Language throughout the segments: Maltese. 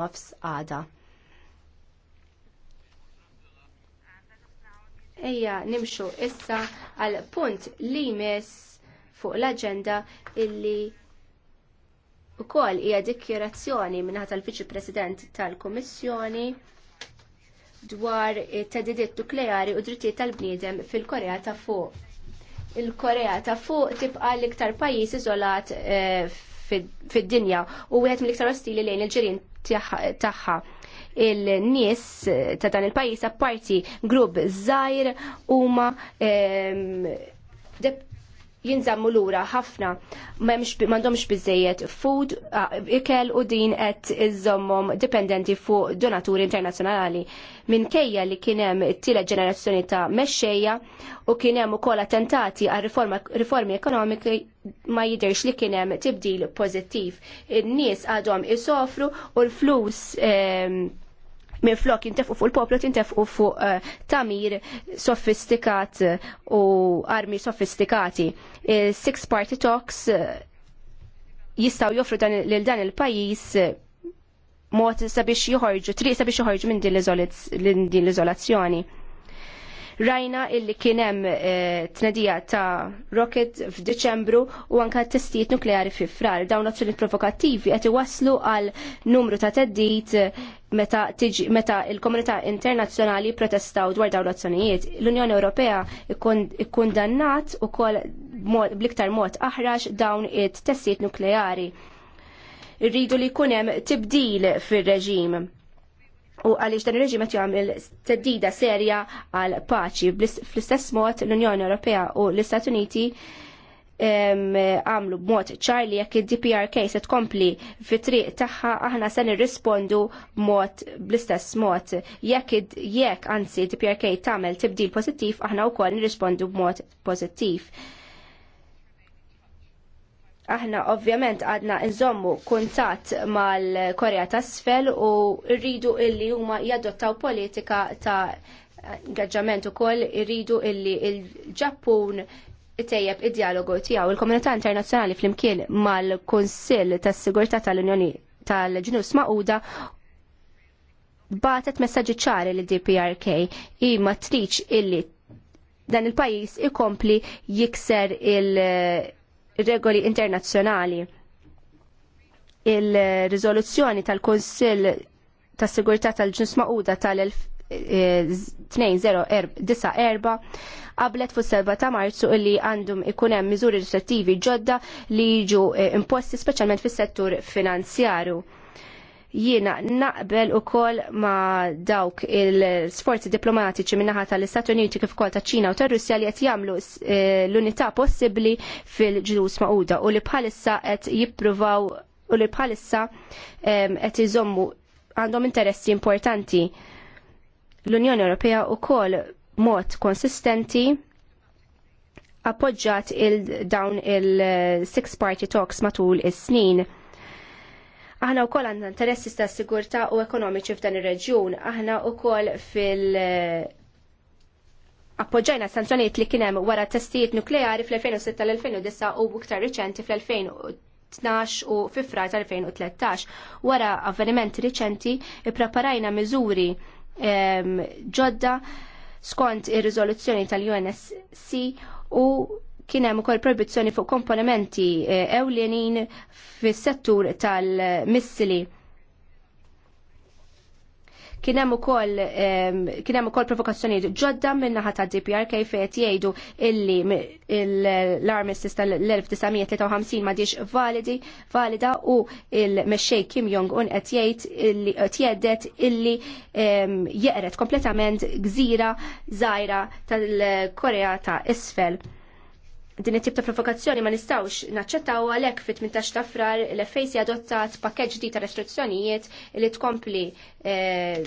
nofs għada. Ejja nimxu issa għal punt li mis fuq l-agenda illi u kol hija dikjerazzjoni minnaħat tal-Viċi President tal-Kommissjoni dwar tedidiet nukleari u drittijiet tal-bniedem fil-Korea ta' fuq. Il-Korea ta' fuq tibqa l-iktar pajjiż iżolat eh, fid-dinja u wieħed mill-iktar ostili lejn il-ġirien tagħha il-nies ta' dan il-pajjiż apparti grupp żgħir huma ehm, jinżammu lura ħafna m'għandhomx biżejjed food, ikel u din qed iżommhom dipendenti fuq donaturi internazzjonali. Minkejja li kien hemm it-tielet ġenerazzjoni ta' mexxejja u kien hemm ukoll attentati għal riformi ekonomiki ma jidherx li kien hemm tibdil pożittiv. In-nies għadhom isofru u l-flus ehm, minn flok jintefqu fuq il-poplu tintefqu fuq eh, tamir sofistikat eh, u armi sofistikati. Eh, six Party Talks jistaw joffru lil dan il-pajis mod sabiex joħorġu, triq sabiex joħorġu minn din l-izolazzjoni. Rajna illi kienem eh, tnedija ta' rocket f'Diċembru u anka testijiet nukleari fi frar. Dawn azzjoni provokattivi qed waslu għal numru ta' teddit eh, meta, meta il-komunità internazzjonali protestaw dwar dawn l-azzjonijiet. L-Unjoni Ewropea ikkundannat ukoll bliktar mod aħrax dawn it-testijiet nukleari. Irridu li kunem tibdil fir-reġim u għaliex dan ir-reġim qed jagħmel teddida serja għal paċi. Fl-istess mod l-Unjoni Ewropea u l-Istati Uniti għamlu b'mod ċar li jekk id-DPRK se tkompli fit-triq tagħha aħna se nirrispondu mod bl-istess mod. Jekk jekk anzi DPRK tagħmel tibdil pozittiv, aħna wkoll nirrispondu b'mod pożittiv. Aħna ovvjament għadna nżommu kuntat mal-Korea ta' sfel u rridu illi huma jadottaw politika ta' ingaġġament ukoll irridu illi il-Ġappun tejjeb id-dialogu tiegħu il-komunità internazzjonali flimkien mal-Kunsill tas-Sigurtà tal-Unjoni tal-Ġnus Maquda batet messaġġi ċari li DPRK imma triċ illi dan il-pajis ikompli jikser il- regoli internazzjonali. Il-rizoluzzjoni tal-Konsil tas Sigurtà tal-Ġuns Maquda tal-2094 qablet fuq 7 ta' Marzu illi għandhom ikun hemm miżuri restrittivi ġodda li jiġu imposti speċjalment fis-settur finanzjarju jiena naqbel u kol ma dawk il-sforzi diplomatiċi minnaħa tal-Istat Uniti kif kol ta' ċina u tar-Russja li qed jagħmlu eh, l-unità possibbli fil-ġlus maquda u li bħalissa qed jippruvaw u li bħalissa ehm, qed jizommu għandhom interessi importanti. L-Unjoni Ewropea u kol mod konsistenti appoġġat il-dawn il-six eh, party talks matul is-snin. il snin Aħna wkoll għandna interessi ta' sigurtà u ekonomiċi f'dan ir-reġjun. Aħna wkoll fil- appoġġajna sanzjonijiet li kien hemm wara testijiet nukleari fl-2006 l-2009 u buktar riċenti fl-2012 u fifra tal-2013. Wara avvenimenti riċenti ipreparajna miżuri ehm, ġodda skont ir rizoluzzjoni tal-UNSC u kien hemm ukoll proibizzjoni fuq komponimenti eh, ewlenin fis-settur tal-missili. Kien hemm ukoll ehm, provokazzjonijiet ġodda min-naħa tad DPRK fejn jgħidu illi l-armistice tal-1953 ma diex validi valida u il-mexxej Kim Jong un qed jgħid illi qed illi ehm, jeqret kompletament gżira żgħira tal-Korea ta' isfel din it-tip ta' provokazzjoni ma nistawx naċċettaw għalhekk fit-18 ta' frar l-FAC adottat pakkeġġ ġdid ta' restrizzjonijiet li tkompli eh,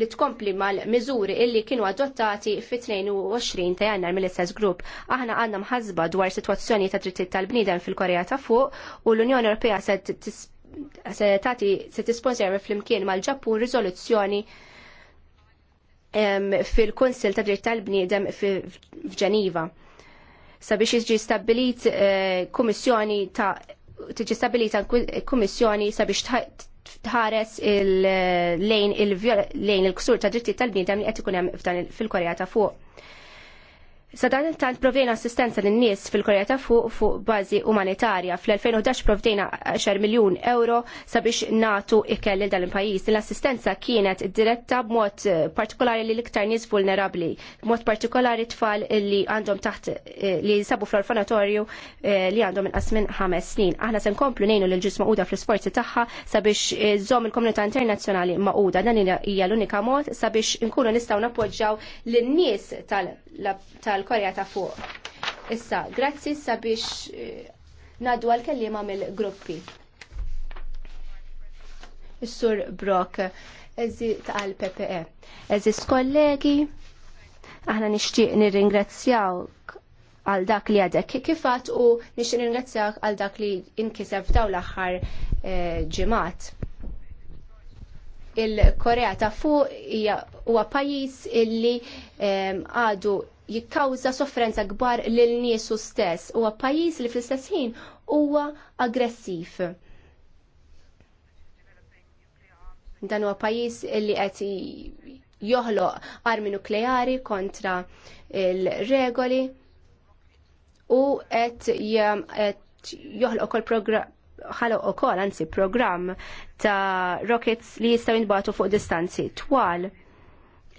li tkompli mal-miżuri illi kienu adottati fit-22 ta' jannar mill-istess grupp. Aħna għandna mħazba dwar situazzjoni ta' drittijiet tal-bniedem fil-Korea ta' fuq u l-Unjoni Ewropea se tati se tisponzjar fl-imkien mal-Ġappun riżoluzzjoni fil-Kunsil ta' dritt tal-bniedem f'Ġeniva sabiex jiġi stabilit eh, kummissjoni ta' tiġi stabilita kummissjoni sabiex tħares lejn il-ksur ta' dritti tal bnidem li qed ikun hemm fil-Korea ta' fuq. Sadan tant provdejna assistenza lin-nies fil-Korea ta' fuq fuq bażi umanitarja. Fl-2011 provdejna 10 miljun euro sabiex natu ikkelli dal dan il-pajjiż. L-assistenza kienet diretta b'mod eh, partikolari li l-iktar nies vulnerabbli, b'mod partikolari tfal li għandhom taħt eh, li sabu fl-orfanatorju eh, li għandhom inqas minn ħames snin. Aħna se nkomplu nejnu l ġisma uda fl-isforzi tagħha sabiex żomm il-komunità internazzjonali maquda. Dan hija l-unika mod sabiex nkunu nistgħu nappoġġjaw lin-nies tal tal-Korea ta' fuq. Issa, grazzi sabiex eh, naddu għal-kellima mill-gruppi. Is-sur Brock, eżi tal PPE. Eżis kollegi, aħna nixtieq nirringrazzjawk għal dak li għadek kifat u nir nirringrazzjawk għal dak li inkiseb daw l-aħħar eh, ġimat il-Korea ta' fuq huwa pajjiż illi eh, għadu jikkawża soffrenza kbar lil niesu stess huwa pajjiż li fl-istess ħin huwa aggressiv. Dan huwa pajjiż li qed joħloq armi nukleari kontra il-regoli u qed joħloq ħalo u ukoll anzi programm ta' rockets li jistgħu jinbagħtu fuq distanzi twal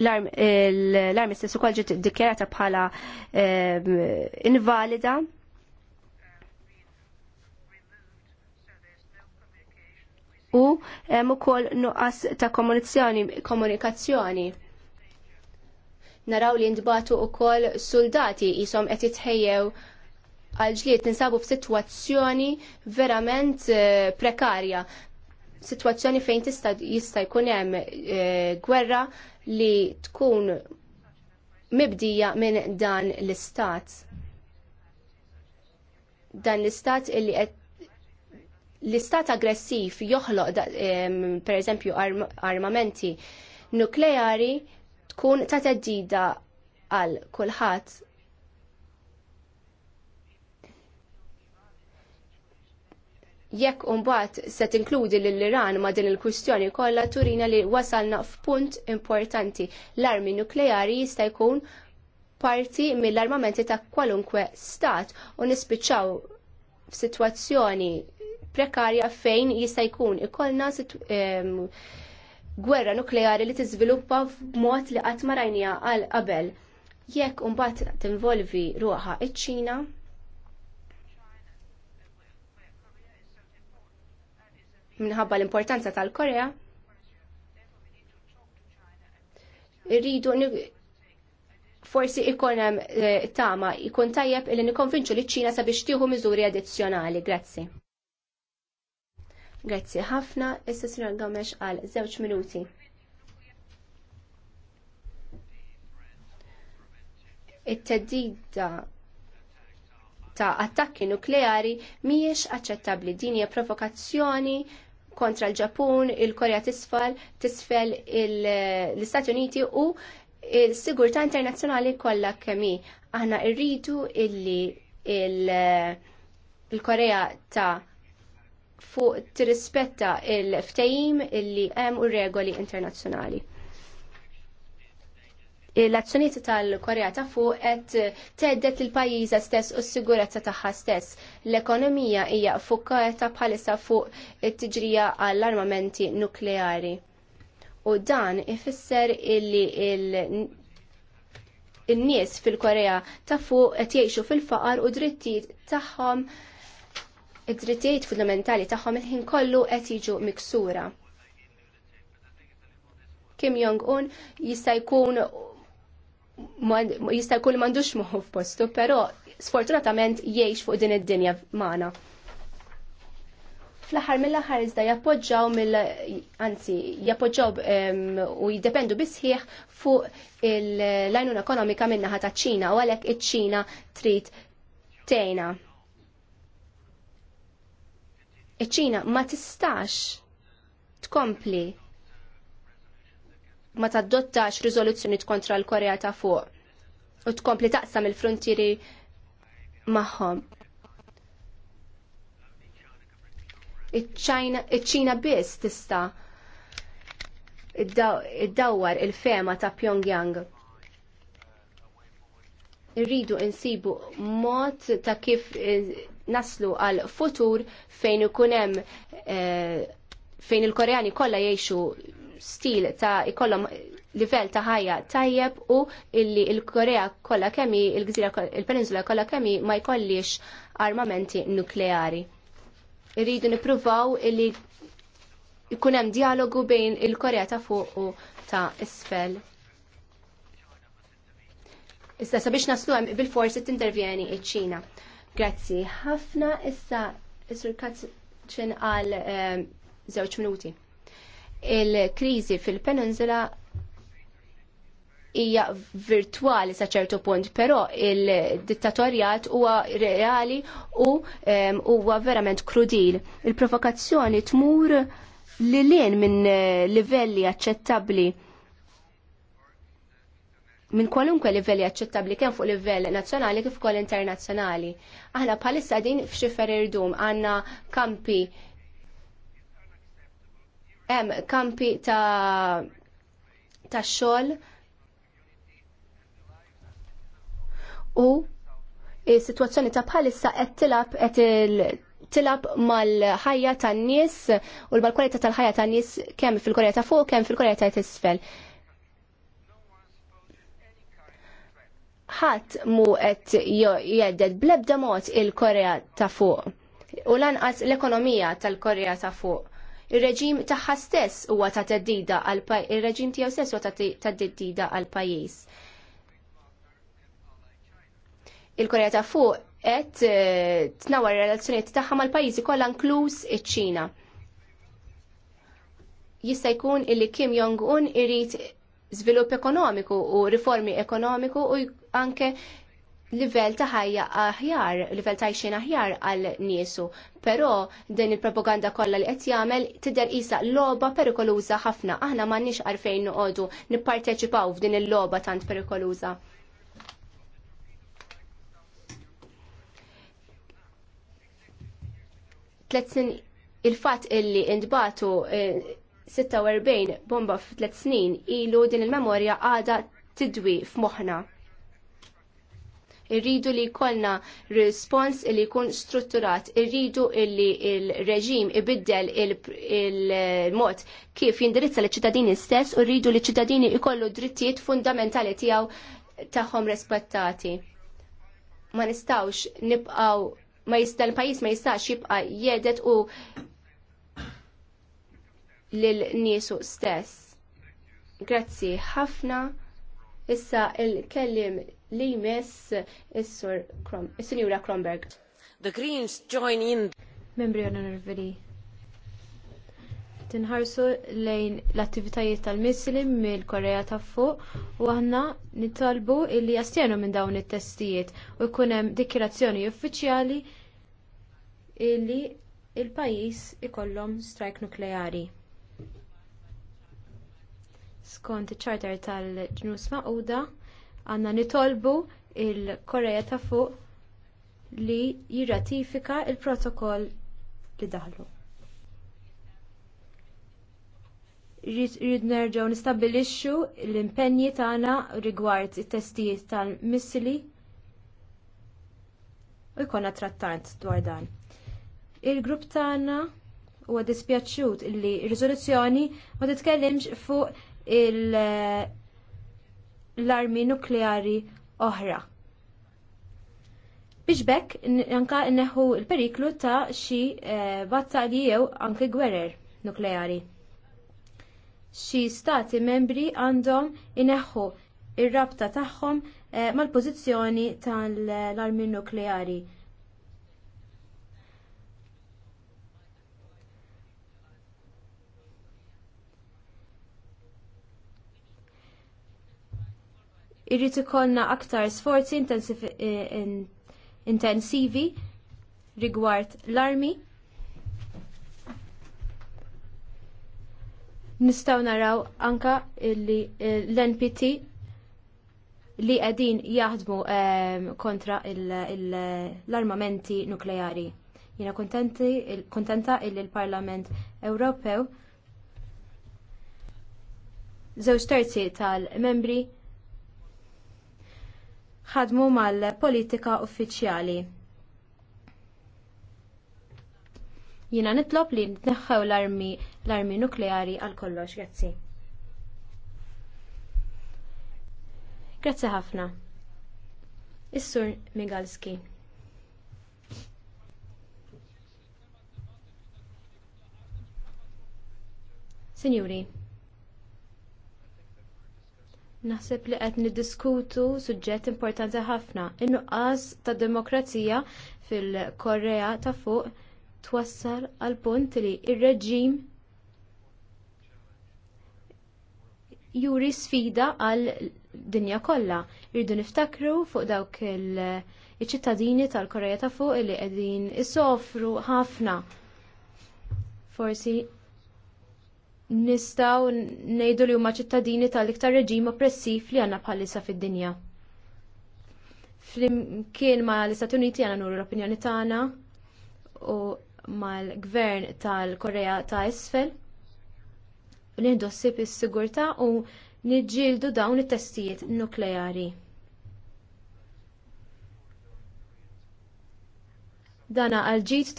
l stessu ukoll ġiet dikjerata bħala ehm, invalida. U hemm ukoll nuqqas ta' komunikazzjoni. Naraw li ndbatu ukoll soldati isom qed jitħejjew għal ġlied ninsabu f'sitwazzjoni verament eh, prekarja situazzjoni fejn tista' jista' jkun hemm eh, gwerra li tkun mibdija minn dan l-istat. Dan l-istat li l-istat aggressiv joħloq per eżempju armamenti nukleari tkun ta' teddida għal kulħadd jekk umbat se tinkludi l-Iran ma din il-kwistjoni kollha turina li wasalna f'punt importanti. L-armi nukleari jista' jkun parti mill-armamenti ta' kwalunkwe stat u nispiċċaw f'sitwazzjoni prekarja fejn jista' jkun ikollna gwerra nukleari li tiżviluppa f'mod li qatt ma rajnija għal qabel. Jekk umbat tinvolvi ruħa iċ-Ċina, minħabba l-importanza tal-Korea, rridu forsi ikonem eh, tama, ikun tajjeb li nikonvinċu li ċina sabiex tieħu miżuri addizzjonali. Grazzi. Grazzi ħafna, issa Sra. għamex għal żewġ minuti. It-teddida ta' attakki nukleari mhijiex aċċettabbli din hija provokazzjoni kontra l-Ġapun, il-Korea tisfal, tisfel l-Istati Uniti u il-sigurta internazzjonali kollha kemi. Aħna rridu illi il-Korea ta' fuq tirrispetta il-ftehim illi hemm u regoli internazzjonali l-azzjoniet tal-Korea ta' fuq qed teddet il-pajjiża stess u s-sigurezza tagħha stess. L-ekonomija hija fukkata bħalissa fuq it-tiġrija għall-armamenti nukleari. U dan ifisser illi il-nies fil-Korea ta' fuq qed jgħixu fil-faqar u drittijiet tagħhom id-drittijiet fundamentali tagħhom il-ħin kollu qed jiġu miksura. Kim Jong-un jista' jkun jista' jkun m'għandux moħħu f'postu, però sfortunatament jgħix fuq din id-dinja magħna. Fl-aħħar mill-aħħar iżda jappoġġaw mill anzi jappoġġaw u jiddependu bisħieħ fuq il-lajnuna ekonomika min-naħa taċ ċina u għalhekk iċ-Ċina trid tgħinha. Iċ-Ċina ma tistax tkompli ma tadottax rizoluzzjoni kontra l-Korea ta' fuq u tkompli taqsam il-frontieri magħhom. Iċ-Ċina biss tista' id-dawwar il-fema ta' Pyongyang. Irridu insibu mod ta' kif eh, naslu għal futur fejn ikun hemm eh, fejn il-Koreani kollha jgħixu stil ta' ikollom livell ta' ħajja tajjeb u illi il-Korea kollha kemm il-Gżira il-Peninsula kollha kemmi ma jkollix armamenti nukleari. Irridu nippruvaw illi jkun hemm dialogu bejn il-Korea ta' fuq u ta' isfel. Issa sabiex naslu hemm bil-forsi tintervjeni iċ-Ċina. Grazzi ħafna issa is-Sur Katzin għal eh, żewġ minuti il-kriżi fil-Peninsula hija virtuali sa ċertu punt, però il-dittatorjat huwa reali u huwa verament krudil. Il-provokazzjoni tmur li lien minn eh, livelli aċċettabbli minn kwalunkwe livelli aċċettabbli kemm fuq livell nazzjonali kif ukoll internazzjonali. Aħna bħalissa din f'xifer irdum għandna kampi hemm kampi ta' ta' xogħol u is-sitwazzjoni e, ta' bħalissa qed tilab qed tilab mal-ħajja tan-nies u mal-kwalità tal-ħajja tan-nies kemm fil-Korea ta' fuq kemm fil-Korea ta' tisfel. Ħadd mu qed jeddet bl-ebda mod il-Korea ta' fuq u lanqas l-ekonomija tal-Korea ta' fuq Ir-reġim tagħha stess huwa ta' teddida għal ir-reġim tiegħu stess huwa ta' teddida għal pajjiż. Il-Korea ta' fuq qed eh, tnawar relazzjonijiet tagħha mal-pajjiżi kollha inkluż iċ-Ċina. Jista' jkun illi Kim Jong-un irid żvilupp ekonomiku u riformi ekonomiku u anke livell ta' ħajja aħjar, livell ta' xejn aħjar għal niesu. Però din il-propaganda kollha li qed jagħmel tidher qisha logħba perikoluża ħafna. Aħna m'għandniex għarfejn noqogħdu nipparteċipaw f'din il-logħba tant perikoluża. snin, il-fatt illi indbatu 46 eh, bomba f'tlet snin ilu din il-memorja għada tidwi f'moħħna irridu li jkollna respons li jkun strutturat, irridu li il-reġim ibiddel il-mod kif jindirizza li ċittadini stess u rridu li ċittadini jkollu drittijiet fundamentali tiegħu tagħhom rispettati. Ma nistawx nibqaw ma jista l-pajis ma jistax jibqa jedet u lil niesu stess. Grazzi ħafna. Issa il-kellim li mess is-sur sinjura Kronberg. The Greens join in. Membri Onorvili. Tinħarsu lejn l-attivitajiet tal-Muslim mill-Korea ta' fuq u aħna nitolbu illi jastjenu minn dawn it-testijiet u jkun hemm dikjerazzjoni uffiċjali illi il-pajis ikollhom strajk nukleari skont iċ-ċarter tal-ġnus maquda għandna nitolbu l korea ta' fuq li jirratifika l protokoll li daħlu. Rrid nerġgħu nistabilixxu l-impenji tagħna rigward it-testijiet tal-missili u jkollna trattant dwar dan. Il-grupp tagħna huwa dispjaċċut li r-riżoluzzjoni ma titkellimx fuq l-armi nukleari oħra. Biex bekk anka neħu l-periklu ta' xi eh, battalji jew anke gwerer nukleari. Xi stati membri għandhom ineħħu ir-rabta tagħhom eh, mal-pożizzjoni tal-armi nukleari. Irrid ikollna aktar sforzi eh, intensivi rigward l-armi. Nistgħu naraw anka l-NPT eh, li qegħdin jaħdmu ehm, kontra l-armamenti nukleari. Jiena kontenta illi l-Parlament Ewropew żewġ terzi tal-membri ħadmu mal-politika uffiċjali. Jina nitlob li nitneħħew l-armi l-armi nukleari għal kollox, grazzi. Grazzi ħafna. Is-Sur Migalski. Signori, Naħseb li qed niddiskutu suġġett importanti ħafna. In-nuqqas ta' demokrazija fil-Korea ta' fuq twassal għal punt li ir-reġim juri sfida għal dinja kollha. Irridu niftakru fuq dawk il-ċittadini tal-Korea ta' fuq li qegħdin isofru ħafna. Forsi nistaw nejdu li huma ċittadini tal-iktar reġim oppressiv li għanna bħalissa fid-dinja. Flimkien ma l-Istati Uniti għanna nuru l-opinjoni tagħna u mal-gvern tal-Korea ta' Isfel li ssib is-sigurtà u niġġieldu dawn it-testijiet nukleari. dana għal-ġid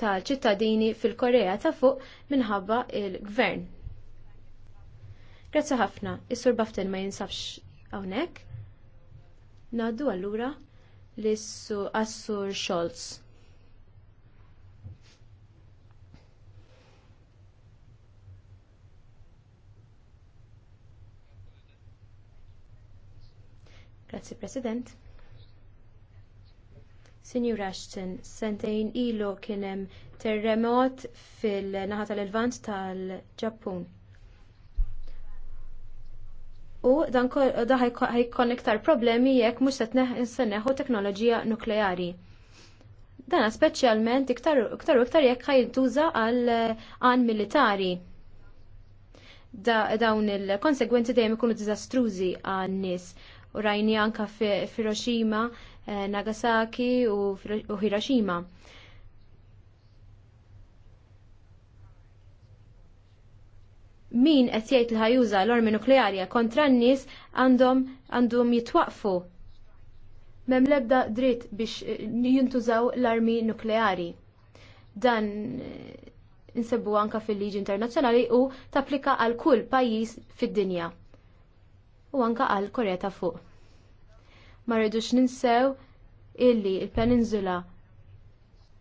tal-ċittadini fil-Korea ta' fuq minħabba il-gvern. Grazzi ħafna, is-sur Baftin ma jinsabx hawnhekk. Naddu allura l-issu Assur Scholz. Grazie President. Sinjur Ashton, sentejn ilu kien hemm terremot fil-naħa tal-Levant tal-Ġappun. U dan ħajkon iktar problemi jekk mhux se nseneħu teknoloġija nukleari. Dan speċjalment iktar u iktar jekk ħajintuża għal eh, għan militari. dawn il-konsegwenzi dejjem ikunu diżastrużi għan nies u rajni anka fi Hiroshima Eh, Nagasaki u Hiroshima. Min qed jgħid li ħajuża l-ormi nukleari kontra n-nies għandhom għandhom jitwaqfu. Mem lebda dritt biex eh, jintużaw l-armi nukleari. Dan eh, insebbu anka fil-liġi internazzjonali u tapplika għal kull pajjiż fid-dinja u anka għal Korea ta' fuq ma rridux ninsew illi l il peninsula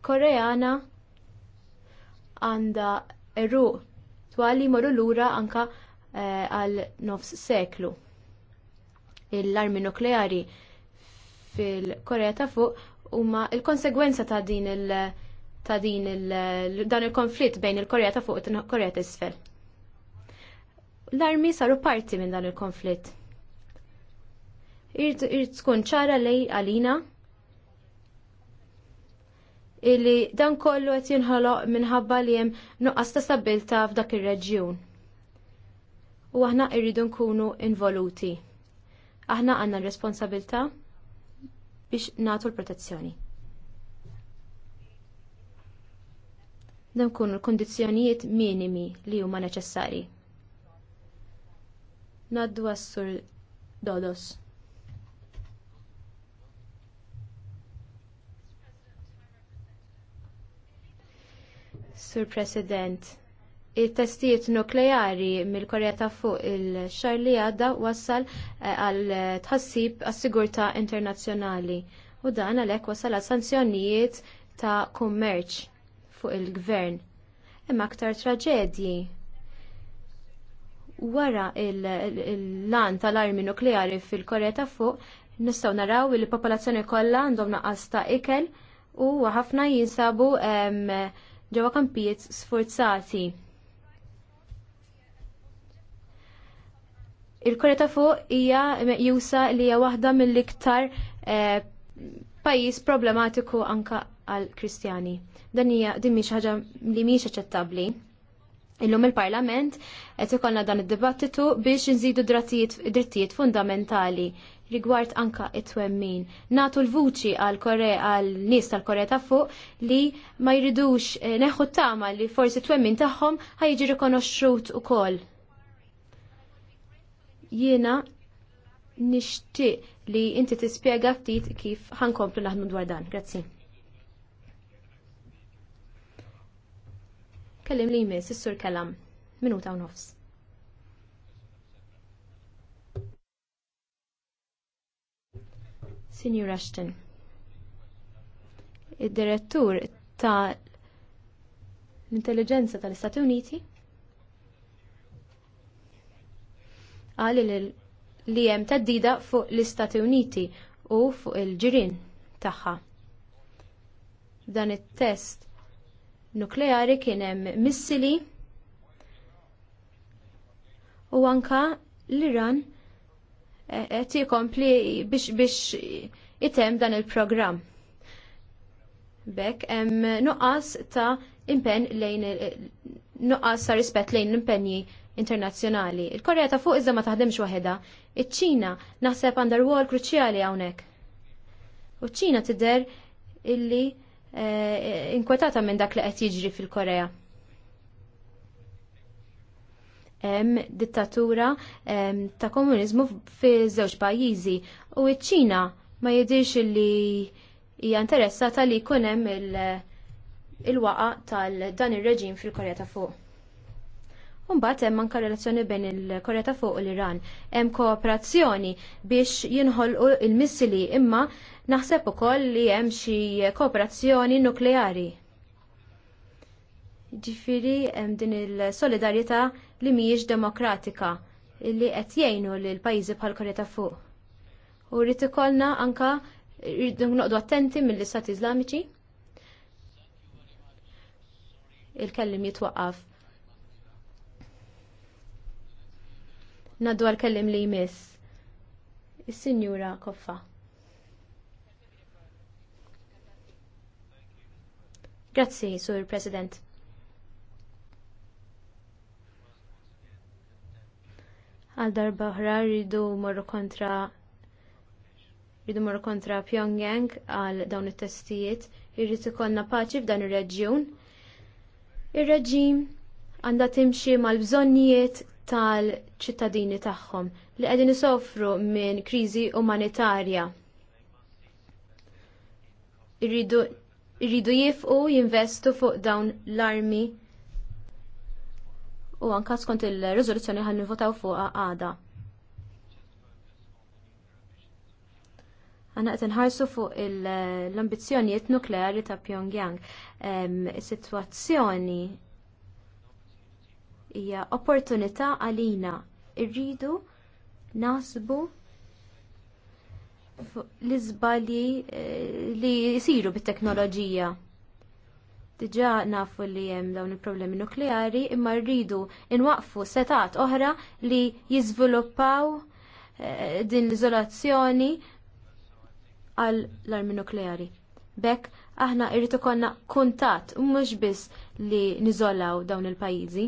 Koreana għandha eruq twali moru lura anke eh, għal eh, nofs seklu. L-armi nukleari fil-Korea ta' fuq huma l konsegwenza ta' din il- ta' din il- dan il-konflitt bejn il-Korea ta' fuq u il-Korea ta' isfel. L-armi saru parti minn dan il-konflitt irrid tkun ċara lej għalina illi dan kollu qed jinħoloq minħabba li jem nuqqas ta' stabilta f'dak ir-reġjun. U aħna irridu nkunu involuti. Aħna għandna responsabilta biex nagħtu l-protezzjoni. Dan kunu l-kondizjonijiet minimi li huma neċessari. Naddu għas-sur Dodos. Sur President, it-testijiet nukleari mill-Korea ta' fuq il-xar li għadda wassal eh, għal tħassib għas-sigurtà internazzjonali u dan għalhekk wasal għal sanzjonijiet ta' kummerċ fuq il-gvern. Imma aktar traġedji wara il-lan tal-armi nukleari fil-Korea ta' fuq nistgħu naraw li l popolazzjoni kollha għandhom naqqas ta' ikel u ħafna jinsabu ġewwa kampijiet sforzati. Il-Korea ta' fuq hija meqjusa li hija waħda mill-iktar eh, pajjiż problematiku anka għal Kristjani. Dan hija din mhix ħaġa li mhix aċċettabbli. Illum il-Parlament qed ikollna dan id-dibattitu biex inżidu drittijiet fundamentali rigward anka it-twemmin. Natu l-vuċi għal Korea għal nies tal-Korea ta' fuq li ma jridux eh, neħu tama li forsi twemmin tagħhom ħajġi u ukoll. Jiena nixtieq li inti tispjega ftit kif ħankomplu naħdmu dwar dan. Grazzi. Kellim li jmiss, is-sur kellam. Minuta u nofs. Senior Ashton. Id-direttur ta' l-intelligenza tal-Istati Uniti għal li hemm teddida fuq l-Istati Uniti u fuq il-ġirien tagħha. Dan it-test nukleari kien hemm missili u anka l-Iran qed jikompli biex biex item dan il-programm. Bekk hemm nuqqas ta' impen lejn nuqqas ta' rispett lejn l-impenji internazzjonali. Il-Korea ta' fuq iżda ma taħdemx waħedha. Iċ-Ċina naħseb għandha rwol kruċjali hawnhekk. U ċina tidher illi eh, inkwetata minn dak li qed jiġri fil-Korea hemm dittatura ta' komuniżmu fi żewġ pajjiżi u ċ-Ċina ma jidhirx li hija interessata li jkun hemm il-waqa tal dan ir-reġim fil-Korea ta' fuq. Mbagħad hemm anke relazzjoni bejn il-Korea ta' fuq u l-Iran. Hemm kooperazzjoni biex jinħolqu il missili imma naħseb ukoll li hemm xi kooperazzjoni nukleari. Ġifiri hemm din il-solidarjetà li mhijiex demokratika li qed jgħinu lil pajjiżi bħal Korea ta' fuq. U rrid ikollna anka rridu noqdu attenti mill-Istat Iżlamiċi. Il-kellim jitwaqqaf. Naddu għal-kellim li jmiss. Is-Sinjura Koffa. Grazzi, Sur President. għal darba oħra rridu morru kontra rridu morru kontra Pyongyang għal dawn it-testijiet, irrid ikollna paċi f'dan ir-reġjun. Ir-reġim għandha timxi mal-bżonnijiet tal-ċittadini tagħhom li qegħdin isofru minn kriżi umanitarja. Irridu irridu jifqu jinvestu fuq dawn l-armi u anka skont il-riżoluzzjoni ħan nivvotaw fuqha għada. Għana qed inħarsu fuq l-ambizzjonijiet nukleari ta' Pyongyang. Is-sitwazzjoni hija opportunità għalina. Irridu nasbu l-iżbalji eh, li jsiru bit-teknoloġija. Diġà nafu li hemm dawn il-problemi nukleari imma rridu inwaqfu setat oħra li jiżviluppaw eh, din l-izolazzjoni għall-armi nukleari. Bekk aħna rridu konna kuntat mhux biss li niżolaw dawn il-pajjiżi.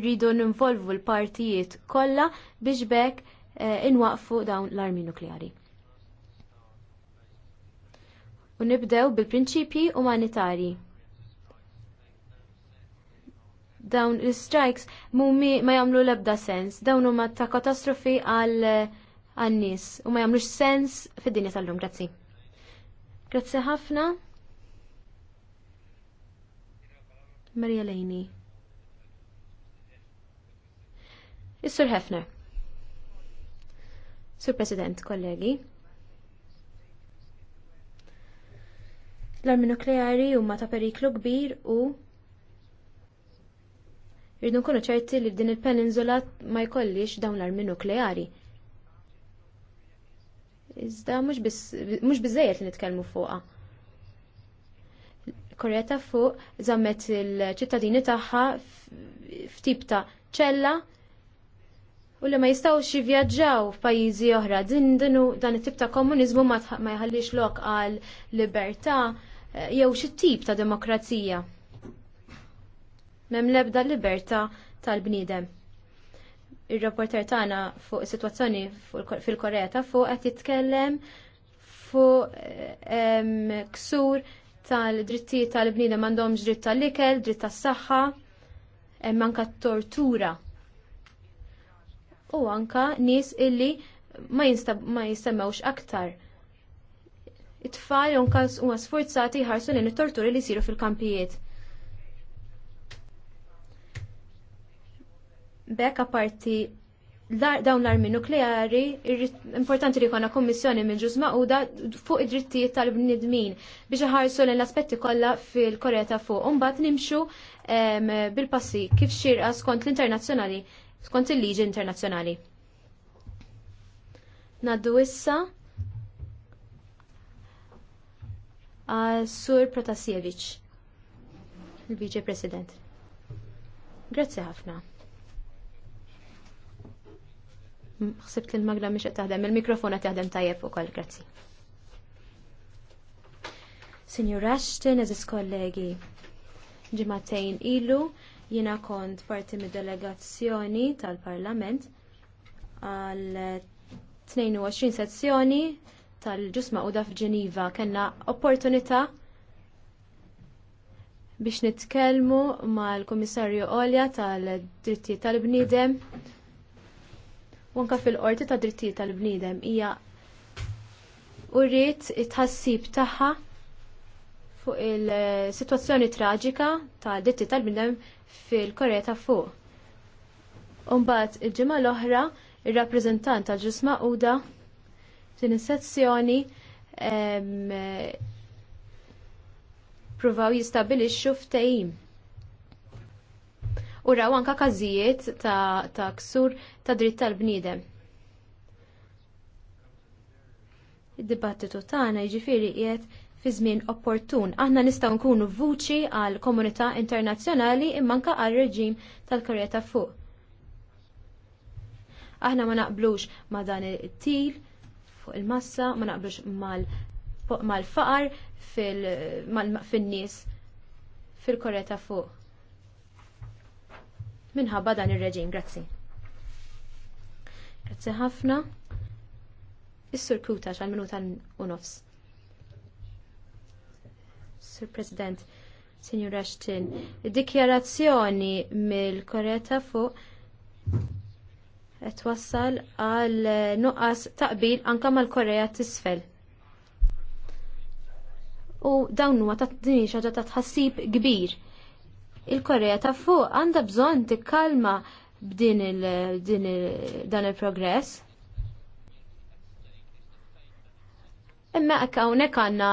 Irridu ninvolvu l-partijiet kollha biex bekk eh, inwaqfu dawn l-armi nukleari u nibdew bil-prinċipji umanitarji. Dawn l-strikes mumi ma jamlu lebda sens, dawn huma ta' katastrofi għal għannis u ma jamlux sens fid-dinja tal-lum, grazzi. Grazzi ħafna. Marja Lejni. Is-Sur Hefner. Sur President, kollegi. L-armi nukleari huma ta' periklu kbir u rridu nkunu ċerti li din il-peninsula ma jkollix dawn l-armi nukleari. Iżda mhux biżejjed li nitkellmu fuqha. Korea ta' fuq żammet il-ċittadini tagħha ftip ta' ċella u li ma jistawx jivvjaġġaw f'pajjiżi oħra. Din dan it-tip ta' komuniżmu ma jħallix lok għal libertà Eh, jew xi tip ta' demokrazija. Mem lebda libertà tal-bniedem. ir reporter tagħna fuq is-sitwazzjoni fil-Korea ta' fuq qed jitkellem fuq eh, ksur tal-drittijiet tal-bniedem għandhom dritt tal-ikel, dritt tas-saħħa, manka tortura. U anka nies illi ma, jistab, ma jistemmewx aktar it-tfal jonkas huma sforzati jħarsu lejn it-torturi li jsiru fil-kampijiet. Bekk apparti dawn l-armi nukleari, importanti li jkollna kommissjoni minn ġuż maquda fuq id-drittijiet tal-bnidmin biex iħarsu l aspetti kollha fil-Korea ta' fuq. Umbat nimxu bil-passi kif xirqa skont l-internazzjonali, skont il-liġi internazzjonali. Naddu issa għal Sur Protasjevic, il-Vice President. Grazzi ħafna. Xsebt il-magla miex qed taħdem, il-mikrofona taħdem tajjeb kol, grazzi. Signor Ashton, eżis kollegi, ġimatejn ilu, jiena kont parti mid-delegazzjoni tal-Parlament għal 22 sezzjoni tal-ġusma u daf Ġeniva kena opportunità biex nitkellmu mal-Komissarju Olja tal-Drittijiet tal-Bniedem u anka fil-Qorti tad-Drittijiet tal-Bniedem hija urrit it-ħassib tagħha fuq il situazzjoni traġika tal dritti tal-bnidem fil-Korea ta' fuq. Umbat il-ġimgħa l-oħra ir-rappreżentant tal-ġusma Uda Din is-sezzjoni pruvaw jistabilixxu ftehim. U raw anka każijiet ta', ta ksur ta' dritt tal-bniedem. Id-dibattitu tagħna jiġifieri qiegħed fi żmien opportun. Aħna nistgħu nkunu vuċi għal komunità internazzjonali imma anke għal reġim tal-Korea ta' fuq. Aħna ma naqblux ma dan it-til fuq il-massa, ma naqblux mal-faqar fil-nies fil-korreta fuq. Minħabba dan ir-reġim, grazzi. Grazzi ħafna. Is-sur Kuta xal minuta u nofs. Sur President, Signor Ashton, dikjarazzjoni mill-korreta fuq twassal għal nuqqas ta' taqbil anke mal-Korea t-isfel. U dawn huma ta' din xaġa ta' tħassib kbir. Il-Korea ta' fuq għandha bżonn tikkalma b'din dan il-progress. Imma hawnhekk għandna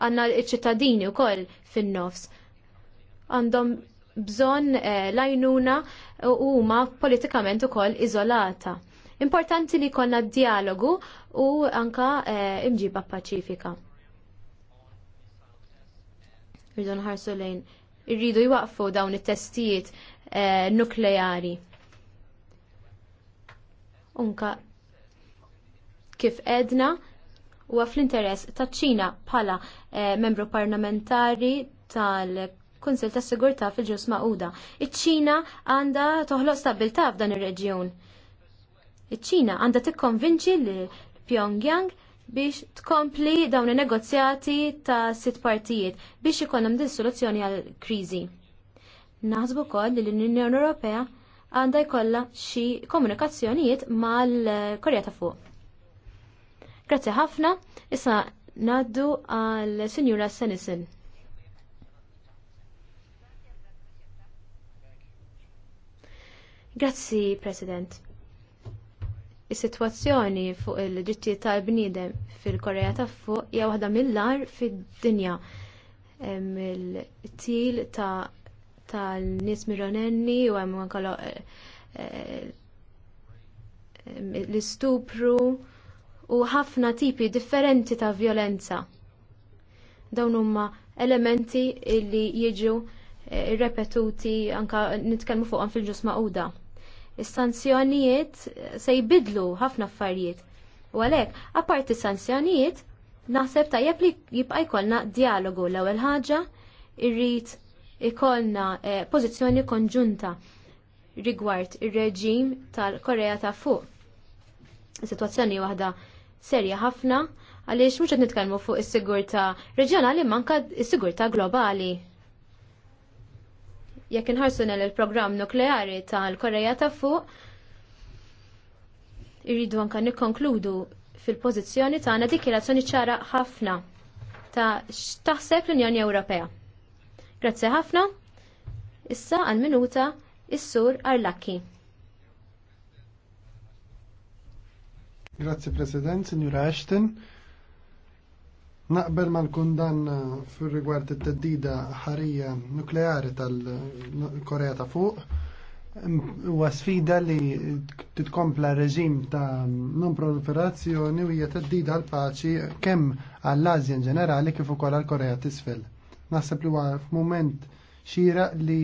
għandna ċ-ċittadini wkoll fin-nofs għandhom bżonn eh, lajnuna eh, u huma politikament ukoll iżolata. Importanti li jkollna dialogu u anka eh, imġiba paċifika. Rridu nħarsu lejn. Irridu jwaqfu dawn it-testijiet nukleari. Unka kif edna huwa fl-interess taċ ċina bħala membru parlamentari tal kunsil ta' Sigurtà fil-ġus maquda. Iċ-Ċina għandha toħloq stabilità f'dan ir-reġjun. Iċ-Ċina għandha tikkonvinċi li Pyongyang biex tkompli dawn in-negozjati ta' sitt partijiet biex ikollhom din soluzzjoni għall kriżi Naħsbu wkoll li l-Unjoni Ewropea għandha jkollha xi komunikazzjonijiet mal-Korea ta' fuq. Grazzi ħafna, issa naddu għal Sinjura Senison. Grazzi, President. Is-sitwazzjoni fuq il-ġittijiet tal-bniedem fil-Korea ta' fuq hija waħda mill-ar fid-dinja. Il-til ta' tal-nies mironenni u hemm anke eh, eh, l-istupru u ħafna tipi differenti ta' vjolenza. Dawn huma elementi li jiġu eh, irrepetuti anke nitkellmu fuqhom fil-ġus maquda Is-sanzjonijiet se jbidlu ħafna affarijiet. U għalhekk, apparti sanzjonijiet, naħseb tajjeb li jibqa' jkollna dialogu l-ewwel ħaġa irrid ikollna eh, pożizzjoni konġunta rigward ir-reġim tal-Korea ta' fuq. Situazzjoni waħda serja ħafna għaliex mhux qed nitkellmu fuq is-sigurtà reġjonali manka s-sigurtà globali. Jekk inħarsu nel il-programm nukleari tal-Korea ta' fuq, irridu anka nikkonkludu fil-pożizzjoni tagħna dikjerazzjoni ċara ħafna ta' x'taħseb l-Unjoni Ewropea. Grazzi ħafna. Issa għal minuta is-sur Arlakki. Grazzi President, Signora Ashton. Naqbel mal-kundanna eh, fil rigward it-teddida ħarija nukleari tal-Korea ta' fuq, huwa sfida li titkompla reġim ta' non-proliferazzjoni u hija teddida għall paċi kemm għall azja in ġenerali kif ukoll għall-Korea t'isfel. Naħseb li huwa f'mument xira li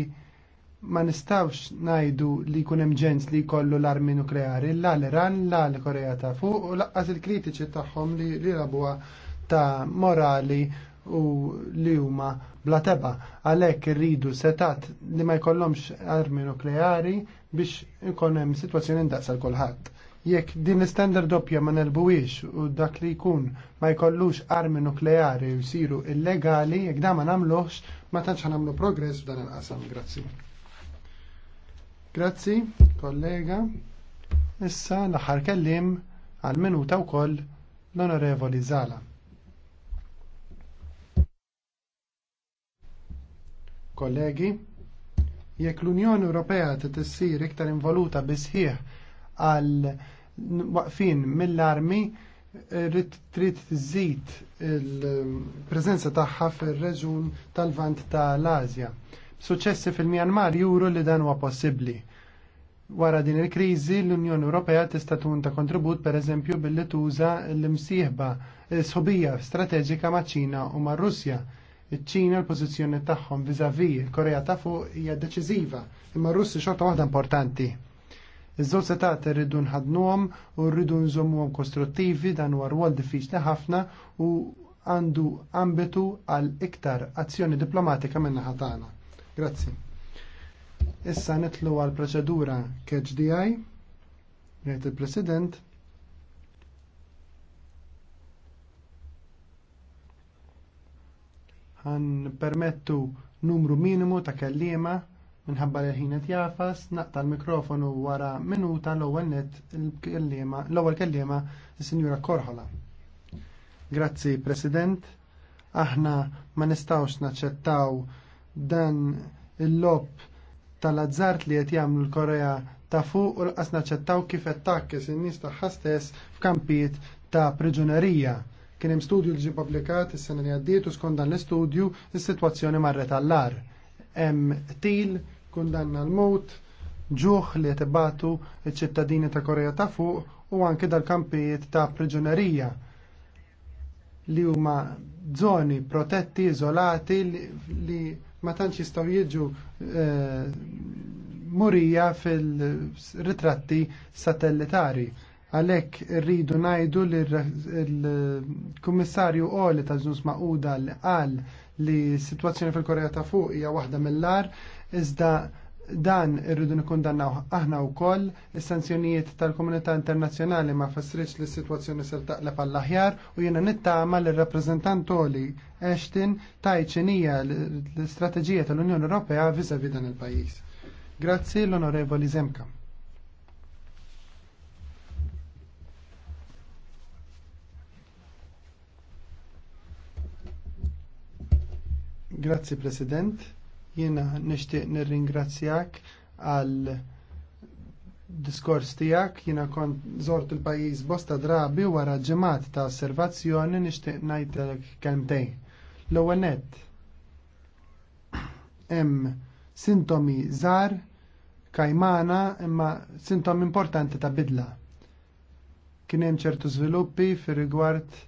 ma nistawx najdu li jkun hemm ġens li jkollu l-armi nukleari, la l-Iran, la l-Korea ta' fuq u laqqas il-kritiċi tagħhom li rabuha ta' morali u li huma bla teba għalhekk irridu setat li ma jkollhomx armi nukleari biex ikun hemm sitwazzjoni ndaqsa l-kulħadd jekk din l-standard doppja ma nerbuwix u dak li jkun ma jkollux armi nukleari u jsiru illegali, jekk da ma namluħx, ma tantx nagħmlu progress f'dan il-qasam. Grazzi. Grazzi, kollega. Issa l-aħħar kellim għal minuta wkoll l-Onorevoli Zala. kollegi, jekk l-Unjoni Ewropea tissir iktar involuta bisħieħ għal waqfin mill-armi trid tżid il-preżenza tagħha fir-reġun tal-vant tal-Asja. Suċessi fil-Myanmar juru li dan huwa possibbli. Wara din il-kriżi l-Unjoni Ewropea tista' tun ta' kontribut pereżempju billi tuża l-imsieħba sħobija strateġika maċ-Ċina u mar-Russja Iċ-Ċina l-pożizzjoni tagħhom viżavi il-Korea ta' fuq hija deċiżiva, imma r-Russi xorta waħda importanti. iż se setat irridu nħadnuhom u rridu nżommuhom kostruttivi dan huwa rwol diffiċli ħafna u għandu ambitu għal iktar azzjoni diplomatika minn ħatana. Grazzi. Issa nitlu għal proċedura KHDI, il-President, għan permettu numru minimu ta' kellima minħabba li ħin qed jafas, naqta' l-mikrofonu wara minuta l-ewwel net il-kellima, l-ewwel kellima is-Sinjura Korħola. Grazzi President, aħna ma nistgħux naċċettaw dan il-lob tal-azzart li qed jagħmlu l-Korea ta' fuq u l-qas naċċettaw kif attakki sin in-nies tagħha stess f'kampijiet ta' priġunerija Kien hemm studju li ġie publikat is-sena li għaddiet u skont dan l-istudju is-sitwazzjoni marret għall-ar. Hemm til, kundanna l-mut, ġuħ li ibatu iċ-ċittadini ta' Korea ta' fuq u anke dal-kampijiet ta' priġunerija li huma żoni protetti, iżolati li ma tantx jistgħu jiġu eh, murija fil-ritratti satellitari. Għalek rridu najdu li l-Kummissarju Oli ta' Ġnus Maquda li qal li situazzjoni fil-Korea ta' fuq hija waħda mill-lar, iżda dan irridu nikundannaw aħna wkoll is-sanzjonijiet tal-komunità internazzjonali ma fassriċ li situazzjoni sitwazzjoni ser taqleb għall aħjar u jiena nittama li rappreżentant Oli Ashton tajċinija l-istrateġija tal-Unjoni Ewropea viżavi dan il-pajjiż. Grazzi l-Onorevoli Zemka. Grazzi President, jiena nixtieq nirringrazzjak għal diskors tijak, jiena kont zort il-pajis bosta drabi wara ġemat ta' osservazzjoni nishtiq najt kemtej. L-ewwel em hemm sintomi zar, kajmana imma sintomi importanti ta' bidla. Kien hemm ċertu żviluppi fir rigward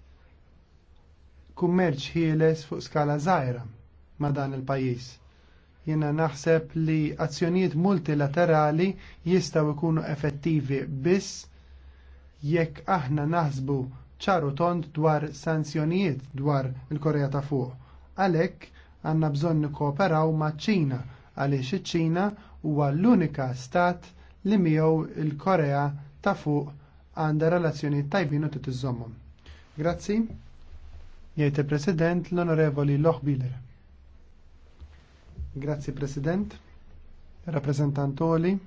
kummerċ ħieles fuq skala żgħira ma' dan il-pajjiż. Jiena naħseb li azzjonijiet multilaterali jistgħu jkunu effettivi biss jekk aħna naħsbu ċaru tont dwar sanzjonijiet dwar il-Korea ta' fuq. Għalhekk għandna bżonn nikkooperaw maċ ċina għaliex iċ-Ċina huwa l-unika stat li miegħu il-Korea ta' fuq għandha relazzjonijiet tajbin u titiżommhom. Grazzi. Jgħid il-President l-Onorevoli Loch Biller. Grazzi President, rappresentantoli.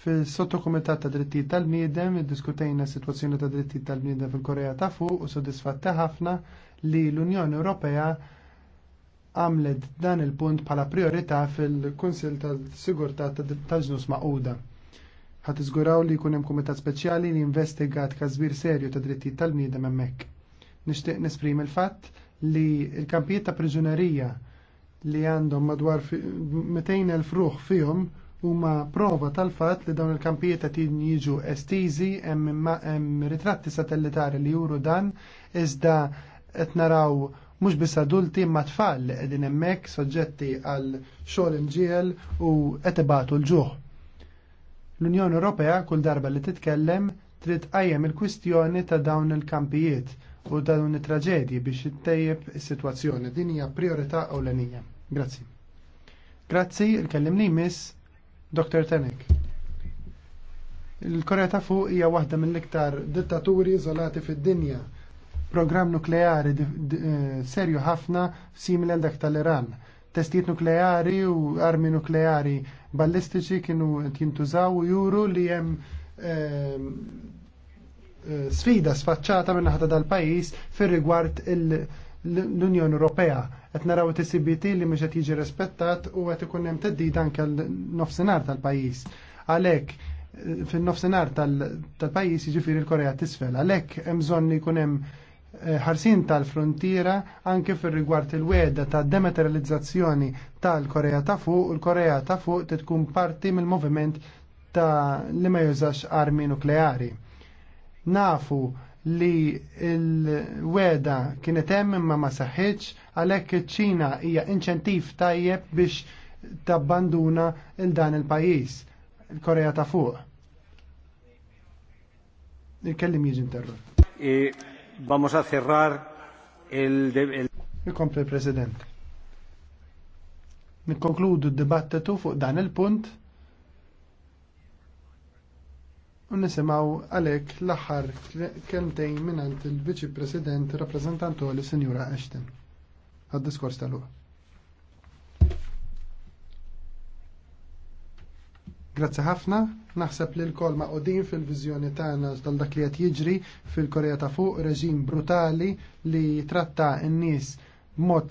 Fil-sottokomitat ta' dritti tal-bniedem iddiskutejna situazzjoni sitwazzjoni ta' dritti tal-bniedem fil-Korea ta' fuq u soddisfatta ħafna li l-Unjoni Ewropea għamlet dan il-punt bħala priorità fil-Kunsil tal-Sigurtà tal-Ġnus Maquda. Ħat iżguraw li jkun hemm kumitat speċjali li investigat każbir serju ta' dritti tal-bniedem hemmhekk. Nixtieq nesprim il-fatt li l-kampijiet ta' priġunerija li għandhom madwar 200.000 ruħ fihom huma prova tal-fatt li dawn il-kampijiet qed jiġu estiżi hemm ritratti satellitari li juru dan iżda qed naraw mhux biss adulti imma tfal li qegħdin hemmhekk soġġetti għal xogħol imġiel u qed ibatu l-ġuħ. L-Unjoni Ewropea kull darba li titkellem trid qajjem il-kwistjoni ta' dawn il-kampijiet u dawn it-traġedji biex ittejjeb is-sitwazzjoni. Din hija priorità ewlenija. Grazzi. Grazzi, il-kellimni miss Dr. Tenek. Il-Korea ta' fuq hija waħda mill-iktar dittaturi iżolati fid-dinja. Programm nukleari eh, serju ħafna simili għal dak tal-Iran testijiet nukleari u armi nukleari ballistiċi kienu jintużaw u juru li hemm eh, sfida sfaċċata minn ħata dal-pajis fir rigward l-Unjoni Ewropea. Qed naraw it-CBT li mhux qed jiġi rispettat u qed ikun hemm teddid anke l-nofsinhar tal-pajjiż. Għalhekk fin-nofsinhar tal-pajjiż jiġifieri l-Korea t'isfel. Għalhekk hemm bżonn li jkun hemm eh, ħarsin tal-frontiera anke fir rigward il-weda ta' dematerializzazzjoni tal-Korea ta' fuq u l-Korea ta' fuq titkun parti mill-moviment ta' li ma jużax armi nukleari. Nafu li l-weda kienet hemm imma ma saħħitx għalhekk iċ-Ċina hija inċentiv tajjeb biex tabbanduna il dan il-pajjiż, il-Korea ta' fuq. Il-kellim jiġi interrott. Vamos a cerrar il- Ikompli il-President. Nikkonkludu d-dibattitu fuq dan il-punt u għalek l-axar kelmtejn minnant il-Viċi President rappresentantu għal sinjura Ashton. Għad-diskors tal Grazzi ħafna, naħseb li l-kol ma' qodin fil-vizjoni tagħna tal dak li qed jiġri fil-Korea ta' fuq reġim brutali li tratta n-nies mod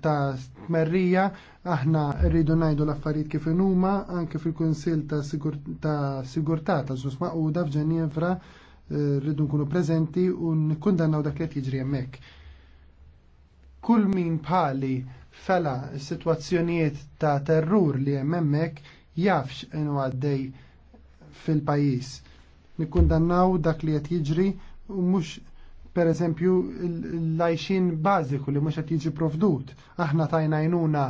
ta' tmerrija, aħna rridu najdu l-affarijiet kif huma, anke fil-Kunsill ta' Sigurtà ta' Ġus Maquda f'Ġenevra eh, rridu nkunu preżenti u nkundannaw dak li qed jiġri hemmhekk. Kull min bħali fela sitwazzjonijiet ta' terrur li hemm hemmhekk jafx inu għaddej fil-pajjiż. Nikkundannaw dak li qed jiġri u mhux per eżempju l-lajxin bażiku li mhux qed jiġi provdut. Aħna tajna jnuna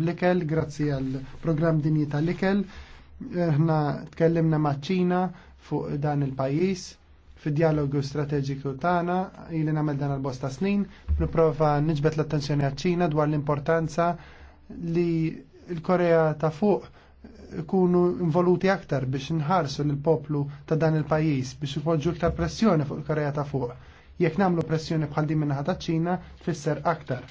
blikel grazzi għal programm dinji tal-ikel, aħna tkellimna maċ-Ċina fuq dan il-pajjiż fid-dialogu strateġiku tagħna ili nagħmel dan għal-bosta snin, nipprova nġbet l-attenzjoni għal ċina dwar l-importanza li l-Korea ta' fuq kunu involuti aktar biex nħarsu l-poplu ta' dan il-pajis biex ipoġġu aktar pressjoni fuq il-Korea ta' fuq. Jekk nagħmlu pressjoni bħal din minnaħa taċ-Ċina tfisser aktar.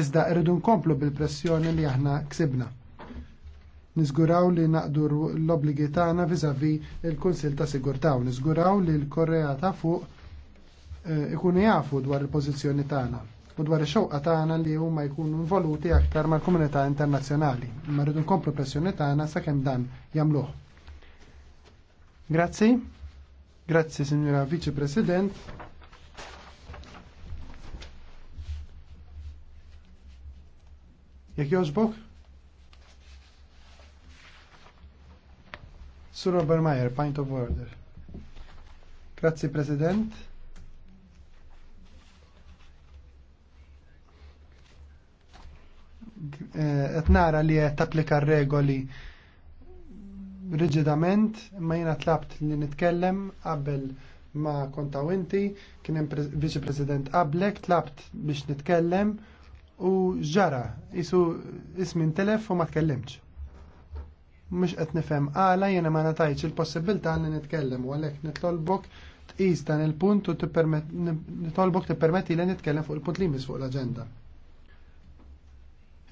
Iżda rridu nkomplu bil-pressjoni li aħna ksibna. Niżguraw li naqdu l-obligi tagħna viżavi il-Kunsil ta' Sigurtaw. Niżguraw li l-Korea ta' fuq eh, ikunu jafu dwar il-pożizzjoni tagħna u dwar ix-xewqa tagħna li huma jkunu involuti aktar mal-komunità internazzjonali. Ma rridu nkomplu pressjoni tagħna sakemm dan jagħmluh. Grazzi. Grazzi, Signora Viċi President. Jek jozbok? Sur Obermeyer, point of order. Grazzi, President. Eh, Etnara li jett applika regoli rigidament, ma jina tlabt li nitkellem qabel ma kontawinti, kienem kien hemm viċi president qablek, tlabt biex nitkellem u ġara isu ismin telef u ma tkellimċ. Mhux qed nifhem għala jiena ma natajċ il-possibilità għalli nitkellem u għalhekk nitolbok tqis dan il-punt u nitolbok tippermetti li nitkellem fuq il-punt li mis fuq l-aġenda.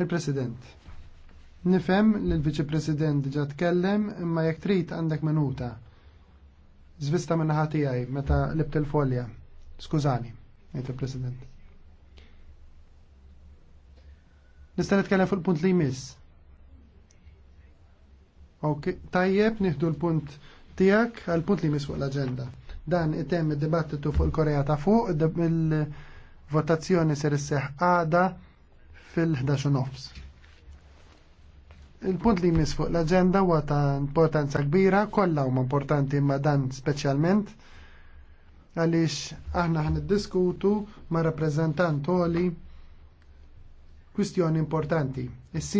Il-President. Nifhem li l-Viċi President diġà tkellem imma jekk trid għandek minuta. Zvista minnaħa tiegħi meta libt il-folja. Skużani, jgħid il-President. Nista' nitkellem fuq il-punt li jmiss. Ok, tajjeb nieħdu l-punt tiegħek għall-punt li jmiss fuq l-aġenda. Dan item id-dibattitu fuq il-Korea ta' fuq il-votazzjoni ser isseħ għada fil-11 nofs. Il-punt li jmiss fuq l-aġenda huwa ta' importanza kbira, kollha huma importanti imma dan speċjalment għaliex aħna ħan diskutu ma' rappreżentant oli kwistjoni importanti. Issir